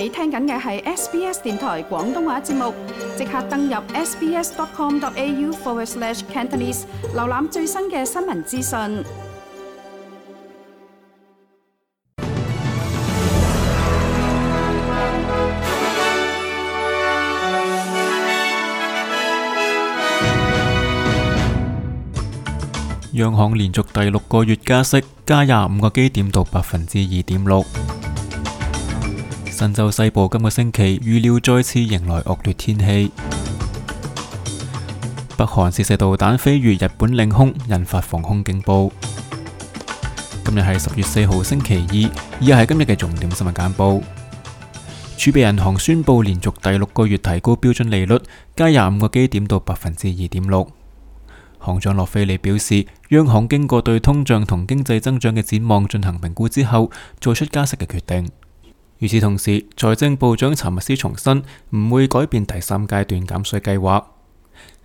你聽緊嘅係 SBS 電台廣東話節目，即刻登入 sbs.com.au/cantonese an 瀏覽最新嘅新聞資訊。央行連續第六個月加息，加廿五個基點到百分之二點六。神州西部今個星期預料再次迎來惡劣天氣。北韓試射導彈飛越日本領空，引發防空警報。今日係十月四號星期二，以下係今日嘅重點新聞簡報。儲備銀行宣布連續第六個月提高標準利率，加廿五個基點到百分之二點六。行長洛菲利表示，央行經過對通脹同經濟增長嘅展望進行評估之後，做出加息嘅決定。與此同時，財政部長查密斯重申唔會改變第三階段減稅計劃。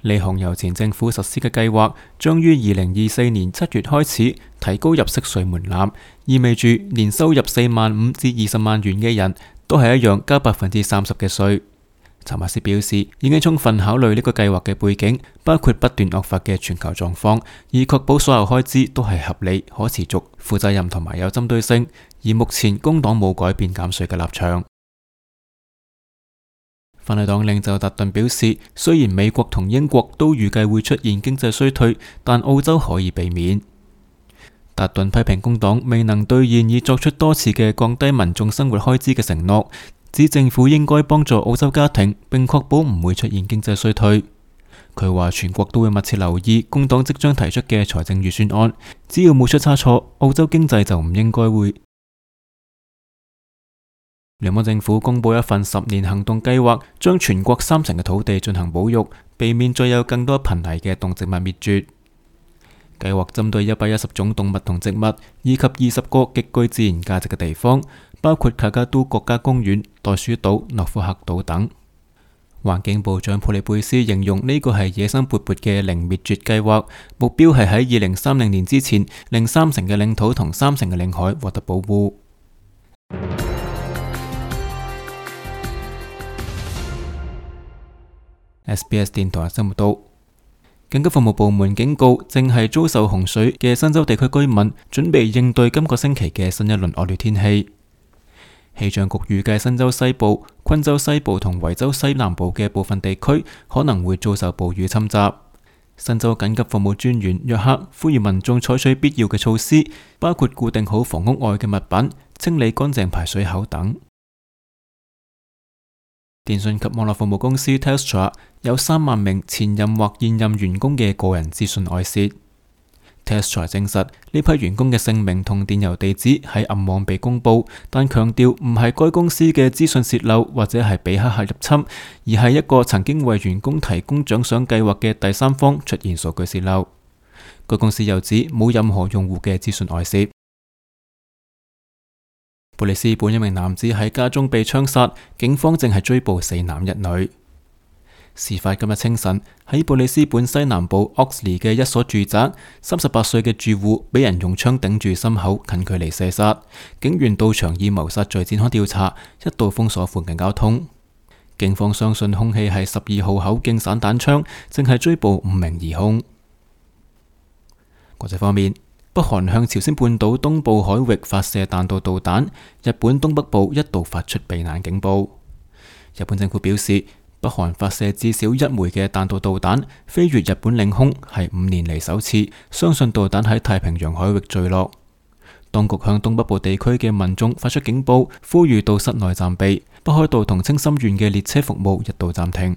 呢項由前政府實施嘅計劃，將於二零二四年七月開始提高入息稅門檻，意味住年收入四萬五至二十萬元嘅人都係一樣交百分之三十嘅稅。的稅查默斯表示，已經充分考慮呢個計劃嘅背景，包括不斷惡化嘅全球狀況，以確保所有開支都係合理、可持續、負責任同埋有針對性。而目前工黨冇改變減稅嘅立場。泛利黨領袖達頓表示，雖然美國同英國都預計會出現經濟衰退，但澳洲可以避免。達頓批評工黨未能兌現已作出多次嘅降低民眾生活開支嘅承諾。指政府應該幫助澳洲家庭，並確保唔會出現經濟衰退。佢話全國都會密切留意工黨即將提出嘅財政預算案，只要冇出差錯，澳洲經濟就唔應該會。聯邦政府公布一份十年行動計劃，將全國三成嘅土地進行保育，避免再有更多瀕危嘅動植物滅絕。計劃針對一百一十種動物同植物，以及二十個極具自然價值嘅地方，包括卡加都國家公園、袋鼠島、諾福克島等。環境部長普利貝斯形容呢個係野生勃勃嘅零滅絕計劃，目標係喺二零三零年之前，令三成嘅領土同三成嘅領海獲得保護。SBS 電台新聞台。緊急服務部門警告，正係遭受洪水嘅新州地區居民準備應對今個星期嘅新一輪惡劣天氣。氣象局預計新州西部、昆州西部同維州西南部嘅部分地區可能會遭受暴雨侵襲。新州緊急服務專員約克呼籲民眾採取必要嘅措施，包括固定好房屋外嘅物品、清理乾淨排水口等。電信及網絡服務公司 Telstra 有三萬名前任或現任員工嘅個人資訊外泄。Telstra 證實呢批員工嘅姓名同電郵地址喺暗網被公布，但強調唔係該公司嘅資訊洩漏或者係俾黑客入侵，而係一個曾經為員工提供獎賞計劃嘅第三方出現數據洩漏。該公司又指冇任何用戶嘅資訊外泄。布里斯本一名男子喺家中被槍殺，警方正係追捕四男一女。事發今日清晨喺布里斯本西南部 Oxley 嘅一所住宅，三十八歲嘅住戶俾人用槍頂住心口，近距離射殺。警員到場以謀殺罪展開調查，一度封鎖附近交通。警方相信凶器係十二號口徑散彈槍，正係追捕五名疑凶。國際方面。北韓向朝鮮半島東部海域發射彈道導彈，日本東北部一度發出避難警報。日本政府表示，北韓發射至少一枚嘅彈道導彈，飛越日本領空，係五年嚟，首次，相信導彈喺太平洋海域墜落。當局向東北部地區嘅民眾發出警報，呼籲到室內暫避。北海道同青森縣嘅列車服務一度暫停。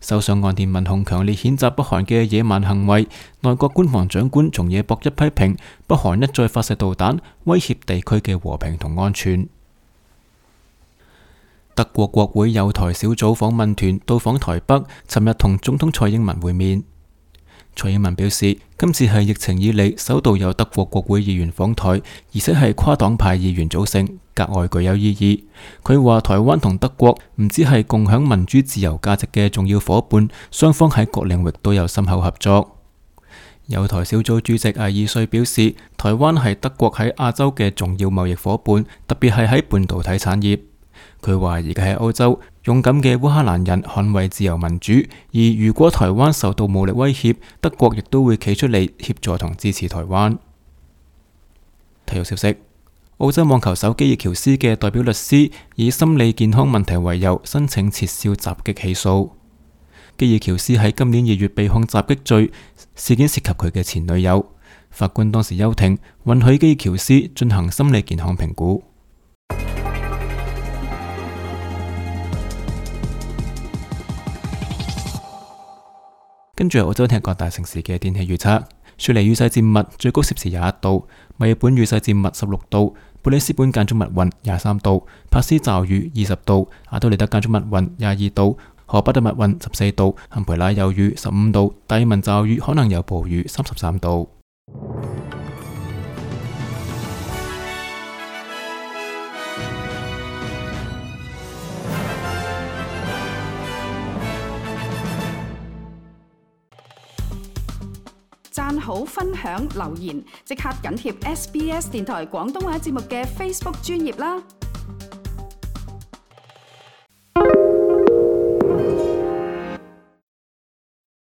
首相岸田文雄強烈譴責北韓嘅野蠻行為，內閣官房長官從野博一批評北韓一再發射導彈，威脅地區嘅和平同安全。德國國會友台小組訪問團到訪台北，尋日同總統蔡英文會面。蔡英文表示，今次係疫情以嚟首度有德國國會議員訪台，而且係跨黨派議員組成，格外具有意義。佢話台灣同德國唔止係共享民主自由價值嘅重要伙伴，雙方喺各領域都有深厚合作。有台小組主席艾爾瑞表示，台灣係德國喺亞洲嘅重要貿易伙伴，特別係喺半導體產業。佢話而家喺歐洲，勇敢嘅烏克蘭人捍衛自由民主。而如果台灣受到武力威脅，德國亦都會企出嚟協助同支持台灣。體育消息：澳洲網球手基爾喬斯嘅代表律師以心理健康問題為由，申請撤銷襲擊起訴。基爾喬斯喺今年二月被控襲擊罪，事件涉及佢嘅前女友。法官當時休庭，允許基爾喬斯進行心理健康評估。跟住，我真係聽各大城市嘅天氣預測。雪梨雨勢漸密，最高攝氏廿一度；墨爾本雨勢漸密，十六度；布里斯本間中密雲，廿三度；帕斯驟雨，二十度；阿德萊德間中密雲，廿二度；荷巴特密雲，十四度；堪培拉有雨，十五度；達爾文驟雨，可能有暴雨，三十三度。好分享留言，即刻緊貼 SBS 電台廣東話節目嘅 Facebook 專頁啦！